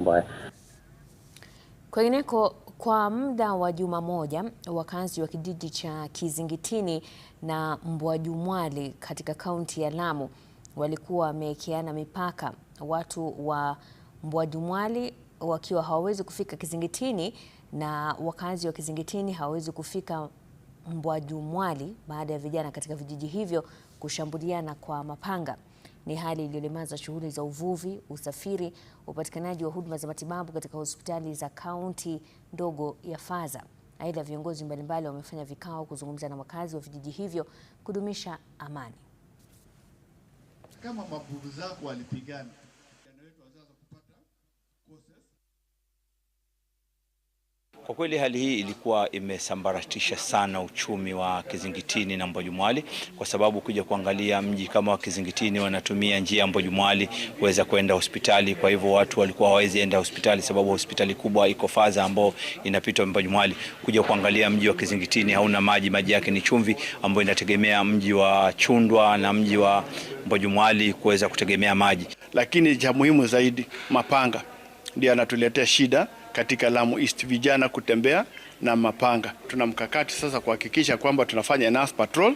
Mbaya. Kwingineko, kwa muda wa juma moja wakazi wa kijiji cha Kizingitini na Mbwajumwali katika kaunti ya Lamu walikuwa wamewekeana mipaka, watu wa Mbwajumwali wakiwa hawawezi kufika Kizingitini na wakazi wa Kizingitini hawawezi kufika Mbwajumwali baada ya vijana katika vijiji hivyo kushambuliana kwa mapanga ni hali iliyolemaza shughuli za uvuvi, usafiri, upatikanaji wa huduma za matibabu katika hospitali za kaunti ndogo ya Faza. Aidha, viongozi mbalimbali wamefanya vikao kuzungumza na wakazi wa vijiji hivyo kudumisha amani. Kama mababu zako walipigana Kwa kweli hali hii ilikuwa imesambaratisha sana uchumi wa Kizingitini na Mbojumwali, kwa sababu kuja kuangalia mji kama wa Kizingitini wanatumia njia ya Mbojumwali kuweza kwenda hospitali. Kwa hivyo watu walikuwa hawawezi enda hospitali, sababu hospitali kubwa iko faza ambayo inapitwa Mbojumwali. Kuja kuangalia mji wa Kizingitini hauna maji, maji yake ni chumvi, ambayo inategemea mji wa Chundwa na mji wa Mbojumwali kuweza kutegemea maji. Lakini cha muhimu zaidi, mapanga ndio yanatuletea shida katika Lamu East, vijana kutembea na mapanga. Tuna mkakati sasa kuhakikisha kwamba tunafanya enough patrol,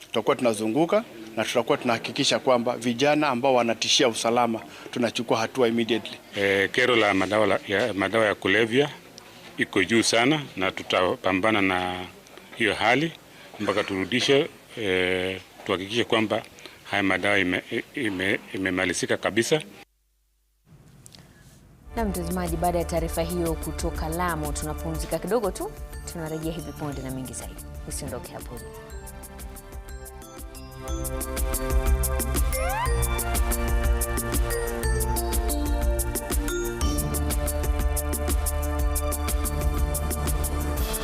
tutakuwa tunazunguka na tutakuwa tunahakikisha kwamba vijana ambao wanatishia usalama tunachukua hatua immediately. E, kero la madawa ya, madawa ya kulevya iko juu sana, na tutapambana na hiyo hali mpaka turudishe e, tuhakikishe kwamba haya madawa imemalizika ime, ime kabisa. Na mtazamaji, baada ya taarifa hiyo kutoka Lamu, tunapumzika kidogo tu, tunarejea hivi punde na mengi zaidi. Usiondoke hapo.